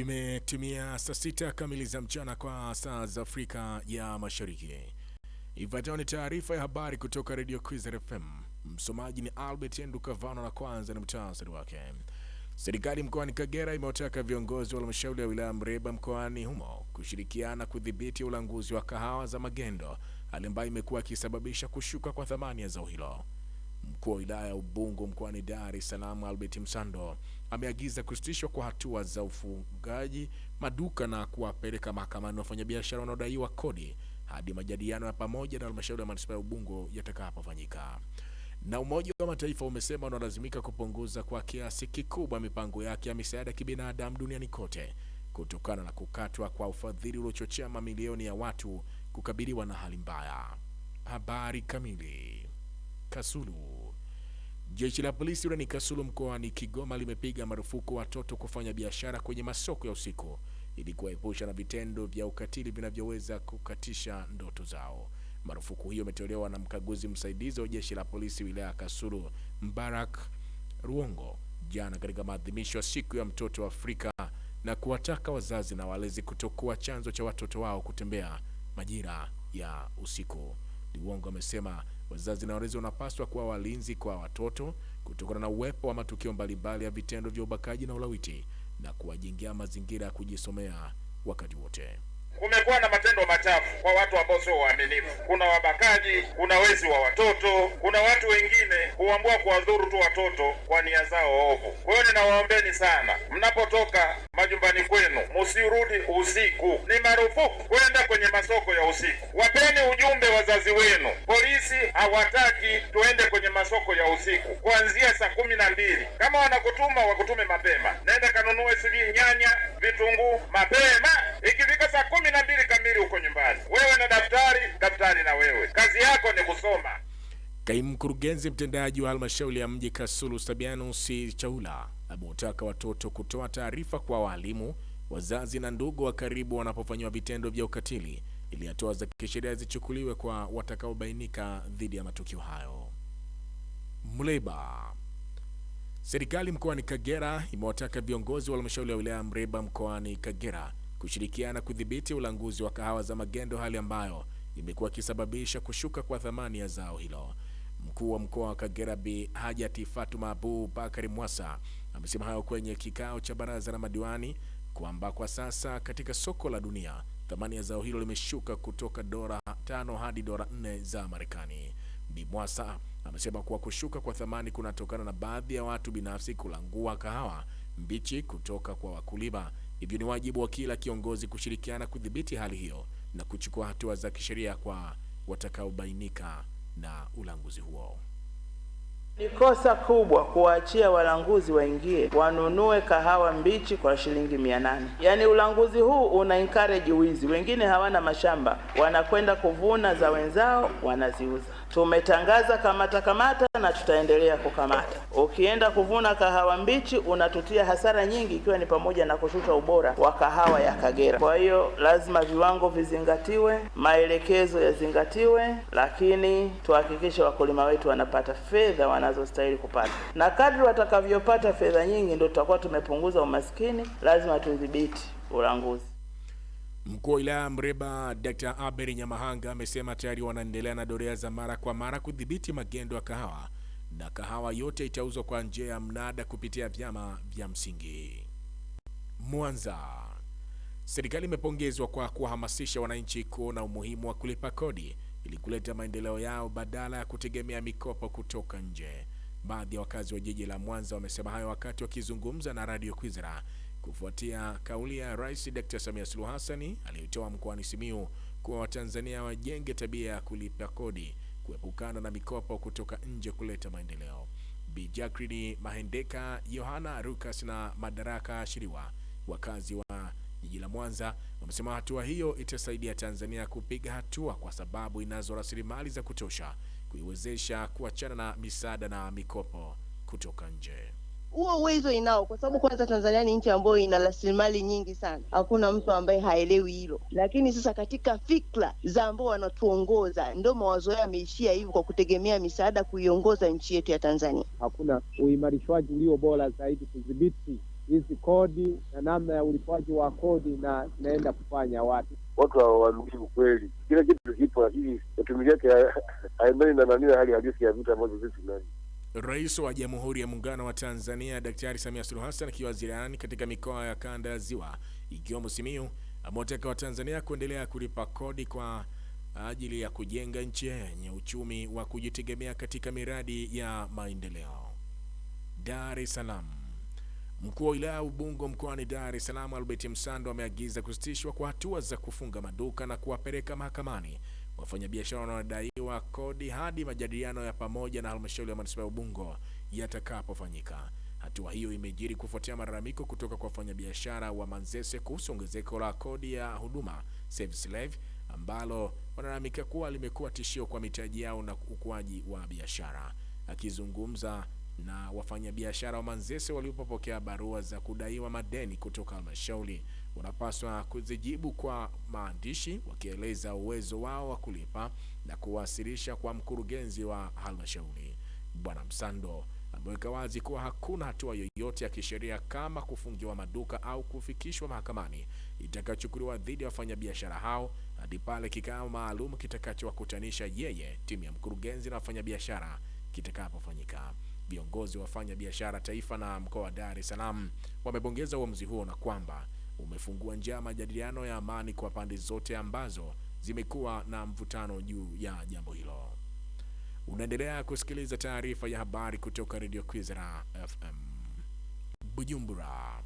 Imetimia saa sita kamili za mchana kwa saa za Afrika ya Mashariki. Ifuatayo ni taarifa ya habari kutoka Radio Kwizera FM. Msomaji ni Albert Kavano, na kwanza ni mtasari wake. Serikali mkoani Kagera imewataka viongozi wa halmashauri ya wilaya Mreba mkoani humo kushirikiana kudhibiti ulanguzi wa kahawa za magendo, hali ambayo imekuwa ikisababisha kushuka kwa thamani ya zao hilo. Mkuu wa wilaya ya Ubungo mkoani Dar es Salaam Albert Msando ameagiza kusitishwa kwa hatua za ufungaji maduka na kuwapeleka mahakamani wafanyabiashara wanaodaiwa kodi hadi majadiliano ya pamoja na halmashauri ya manispaa ya Ubungo yatakapofanyika. Na Umoja wa Mataifa umesema unalazimika kupunguza kwa kiasi kikubwa mipango yake ya misaada ya kibinadamu duniani kote kutokana na kukatwa kwa ufadhili uliochochea mamilioni ya watu kukabiliwa na hali mbaya. Habari kamili. Kasulu Jeshi la polisi wilayani Kasulu mkoani Kigoma limepiga marufuku watoto kufanya biashara kwenye masoko ya usiku ili kuwaepusha na vitendo vya ukatili vinavyoweza kukatisha ndoto zao. Marufuku hiyo imetolewa na mkaguzi msaidizi wa jeshi la polisi wilaya ya Kasulu, Mbarak Ruongo, jana katika maadhimisho ya siku ya mtoto wa Afrika na kuwataka wazazi na walezi kutokuwa chanzo cha watoto wao kutembea majira ya usiku. Ruongo amesema Wazazi na walezi wanapaswa kuwa walinzi kwa watoto kutokana na uwepo wa matukio mbalimbali ya vitendo vya ubakaji na ulawiti na kuwajengea mazingira ya kujisomea wakati wote kumekuwa na matendo machafu kwa watu ambao sio waaminifu. Kuna wabakaji, kuna wezi wa watoto, kuna watu wengine huambua kuwadhuru tu watoto kwa nia zao ovu. Kwa hiyo ninawaombeni sana, mnapotoka majumbani kwenu musirudi usiku. Ni marufuku kwenda kwenye masoko ya usiku. Wapeni ujumbe wazazi wenu, polisi hawataki tuende kwenye masoko ya usiku kuanzia saa kumi na mbili. Kama wanakutuma wakutume mapema, naenda kanunue sijui nyanya, vitunguu mapema Kaimu mkurugenzi mtendaji wa halmashauri ya mji Kasulu Stabianus Chaula amewataka watoto kutoa taarifa kwa walimu, wazazi na ndugu wa karibu wanapofanyiwa vitendo vya ukatili ili hatua za kisheria zichukuliwe kwa watakaobainika dhidi ya matukio hayo. Mleba. Serikali mkoani Kagera imewataka viongozi wa halmashauri ya wilaya Mleba mkoani Kagera kushirikiana kudhibiti ulanguzi wa kahawa za magendo, hali ambayo imekuwa ikisababisha kushuka kwa thamani ya zao hilo. Mkuu wa mkoa wa Kagera Bi Hajati Fatuma Abu Bakari Mwasa amesema hayo kwenye kikao cha baraza la madiwani kwamba kwa sasa katika soko la dunia thamani ya zao hilo limeshuka kutoka dola tano hadi dola nne za Marekani. Bi Mwasa amesema kuwa kushuka kwa thamani kunatokana na baadhi ya watu binafsi kulangua kahawa mbichi kutoka kwa wakulima, hivyo ni wajibu wa kila kiongozi kushirikiana kudhibiti hali hiyo na kuchukua hatua za kisheria kwa watakaobainika na ulanguzi huo. Ni kosa kubwa kuwaachia walanguzi waingie wanunue kahawa mbichi kwa shilingi mia nane. Yaani ulanguzi huu una encourage wizi. Wengine hawana mashamba, wanakwenda kuvuna za wenzao, wanaziuza. Tumetangaza kamata kamata na tutaendelea kukamata. Ukienda kuvuna kahawa mbichi unatutia hasara nyingi, ikiwa ni pamoja na kushusha ubora wa kahawa ya Kagera. Kwa hiyo lazima viwango vizingatiwe, maelekezo yazingatiwe, lakini tuhakikishe wakulima wetu wanapata fedha wana wanazostahili kupata, na kadri watakavyopata fedha nyingi ndio tutakuwa tumepunguza umaskini. Lazima tudhibiti ulanguzi. Mkuu wa wilaya Mreba Dkt. Aberi Nyamahanga amesema tayari wanaendelea na doria za mara kwa mara kudhibiti magendo ya kahawa na kahawa yote itauzwa kwa njia ya mnada kupitia vyama vya msingi. Mwanza, serikali imepongezwa kwa kuwahamasisha wananchi kuona umuhimu wa kulipa kodi ili kuleta maendeleo yao badala ya kutegemea mikopo kutoka nje. Baadhi ya wakazi wa jiji la Mwanza wamesema hayo wakati wakizungumza na Radio Kwizera kufuatia kauli ya Rais Dr. Samia Suluhu Hassan aliyoitoa mkoani Simiyu kuwa Watanzania wajenge tabia ya kulipa kodi, kuepukana na mikopo kutoka nje, kuleta maendeleo. Bi Jacqueline Mahendeka, Yohana Rukas na Madaraka Shiriwa, wakazi wa jiji la Mwanza, wamesema hatua hiyo itasaidia Tanzania kupiga hatua kwa sababu inazo rasilimali za kutosha kuiwezesha kuachana na misaada na mikopo kutoka nje. Huo uwezo inao, kwa sababu kwanza Tanzania ni nchi ambayo ina rasilimali nyingi sana, hakuna mtu ambaye haelewi hilo. Lakini sasa katika fikra za ambao wanatuongoza, ndio mawazo yao yameishia hivyo, kwa kutegemea misaada kuiongoza nchi yetu ya Tanzania. Hakuna uimarishwaji ulio bora zaidi kudhibiti hizi kodi na namna ya ulipaji wa kodi na inaenda kufanya watu Watu hawaaminiwi kweli, kila kitu kipo, lakini matumizi yake haendani na nani, hali halisi ya vitu ambavyo sisi nani Rais wa Jamhuri ya Muungano wa Tanzania Daktari Samia Suluhu Hassan akiwa ziarani katika mikoa ya kanda ya Ziwa ikiwemo Simiyu amewataka Watanzania kuendelea kulipa kodi kwa ajili ya kujenga nchi yenye uchumi wa kujitegemea katika miradi ya maendeleo. Dar es Salaam. Mkuu wa wilaya Ubungo mkoani Dar es Salaam Albert Msando ameagiza kusitishwa kwa hatua za kufunga maduka na kuwapeleka mahakamani wafanyabiashara wanaodaiwa kodi hadi majadiliano ya pamoja na halmashauri ya manispaa ya Ubungo yatakapofanyika. Hatua hiyo imejiri kufuatia malalamiko kutoka kwa wafanyabiashara wa Manzese kuhusu ongezeko la kodi ya huduma service levy ambalo wanalalamika kuwa limekuwa tishio kwa mitaji yao na ukuaji wa biashara. Akizungumza na wafanyabiashara wa Manzese walipopokea barua za kudaiwa madeni kutoka halmashauri wanapaswa kuzijibu kwa maandishi wakieleza uwezo wao wa kulipa na kuwasilisha kwa mkurugenzi wa halmashauri. Bwana Msando ameweka wazi kuwa hakuna hatua yoyote ya kisheria kama kufungiwa maduka au kufikishwa mahakamani itakayochukuliwa dhidi ya wafanyabiashara hao hadi pale kikao maalum kitakachowakutanisha yeye, timu ya mkurugenzi na wafanyabiashara kitakapofanyika. Viongozi wa wafanya biashara taifa na mkoa wa Dar es Salaam wamepongeza uamuzi huo na kwamba umefungua njia ya majadiliano ya amani kwa pande zote ambazo zimekuwa na mvutano juu ya jambo hilo. Unaendelea kusikiliza taarifa ya habari kutoka Radio Kwizera FM Bujumbura.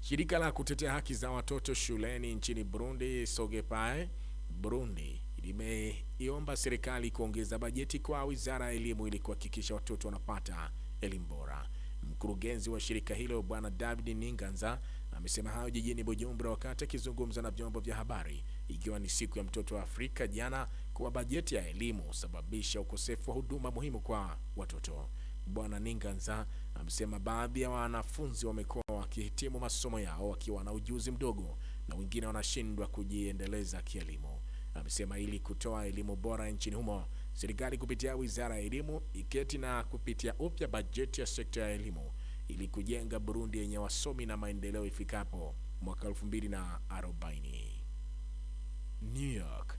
Shirika la kutetea haki za watoto shuleni nchini Burundi Sogepae Burundi imeiomba serikali kuongeza bajeti kwa wizara ya elimu ili kuhakikisha watoto wanapata elimu bora. Mkurugenzi wa shirika hilo Bwana David Ninganza amesema hayo jijini Bujumbura wakati akizungumza na vyombo vya habari ikiwa ni siku ya mtoto wa Afrika jana, kuwa bajeti ya elimu husababisha ukosefu wa huduma muhimu kwa watoto. Bwana Ninganza amesema baadhi ya wanafunzi wamekuwa wakihitimu masomo yao wakiwa na ujuzi mdogo na wengine wanashindwa kujiendeleza kielimu amesema ili kutoa elimu bora nchini humo, serikali kupitia wizara ya elimu iketi na kupitia upya bajeti ya sekta ya elimu ili kujenga Burundi yenye wasomi na maendeleo ifikapo mwaka 2040. New York.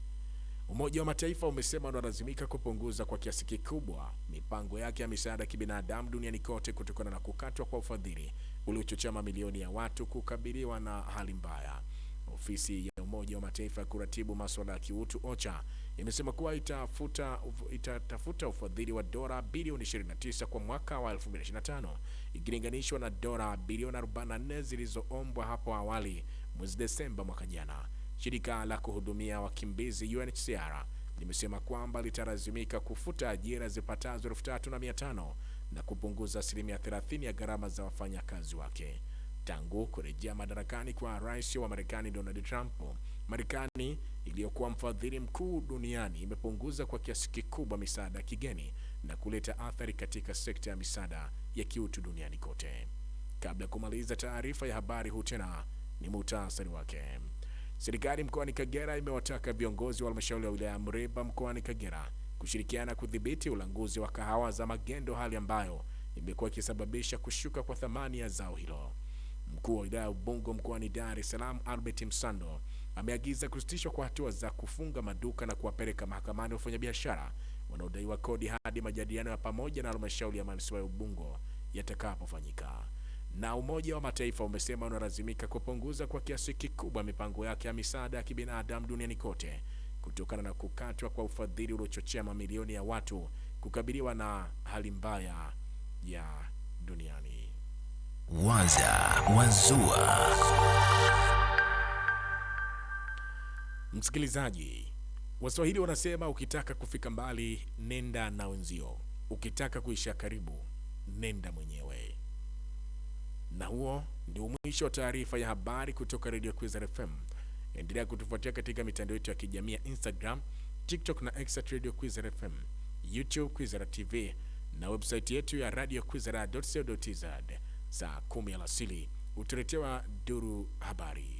Umoja wa Mataifa umesema unalazimika kupunguza kwa kiasi kikubwa mipango yake ya misaada ya kibinadamu duniani kote kutokana na kukatwa kwa ufadhili uliochochea mamilioni ya watu kukabiliwa na hali mbaya. Ofisi ya Umoja wa Mataifa ya kuratibu masuala ya kiutu OCHA imesema kuwa itafuta itatafuta ufadhili wa dola bilioni 29 kwa mwaka wa 2025 ikilinganishwa na dola bilioni 44 zilizoombwa hapo awali mwezi Desemba mwaka jana. Shirika la kuhudumia wakimbizi UNHCR limesema kwamba litalazimika kufuta ajira zipatazo 3500 na na kupunguza asilimia 30 ya gharama za wafanyakazi wake tangu kurejea madarakani kwa rais wa Marekani Donald Trump. Marekani iliyokuwa mfadhili mkuu duniani imepunguza kwa kiasi kikubwa misaada ya kigeni na kuleta athari katika sekta ya misaada ya kiutu duniani kote. Kabla ya kumaliza taarifa ya habari, huu tena ni muhtasari wake. Serikali mkoani Kagera imewataka viongozi wa halmashauri ya wilaya ya Mreba mkoani Kagera kushirikiana kudhibiti ulanguzi wa kahawa za magendo, hali ambayo imekuwa ikisababisha kushuka kwa thamani ya zao hilo. Mkuu wa Idara ya Ubongo mkoani Dar es Salaam Albert Msando ameagiza kusitishwa kwa hatua za kufunga maduka na kuwapeleka mahakamani wafanyabiashara wanaodaiwa kodi hadi majadiliano ya pamoja na halmashauri ya manispaa ya Ubungo yatakapofanyika. Na Umoja wa Mataifa umesema unalazimika kupunguza kwa kiasi kikubwa mipango yake ya misaada ya kibinadamu duniani kote kutokana na kukatwa kwa ufadhili uliochochea mamilioni ya watu kukabiliwa na hali mbaya ya duniani. Waza Wazua. Msikilizaji, Waswahili wanasema ukitaka kufika mbali nenda na wenzio, ukitaka kuisha karibu nenda mwenyewe. Na huo ndio mwisho wa taarifa ya habari kutoka Radio Kwizera FM. Endelea kutufuatia katika mitandao yetu ya kijamii ya Instagram, TikTok na X Radio Kwizera FM, YouTube Kwizera TV na website yetu ya radio kwizera.co.tz saa kumi alasili, utaletewa duru habari.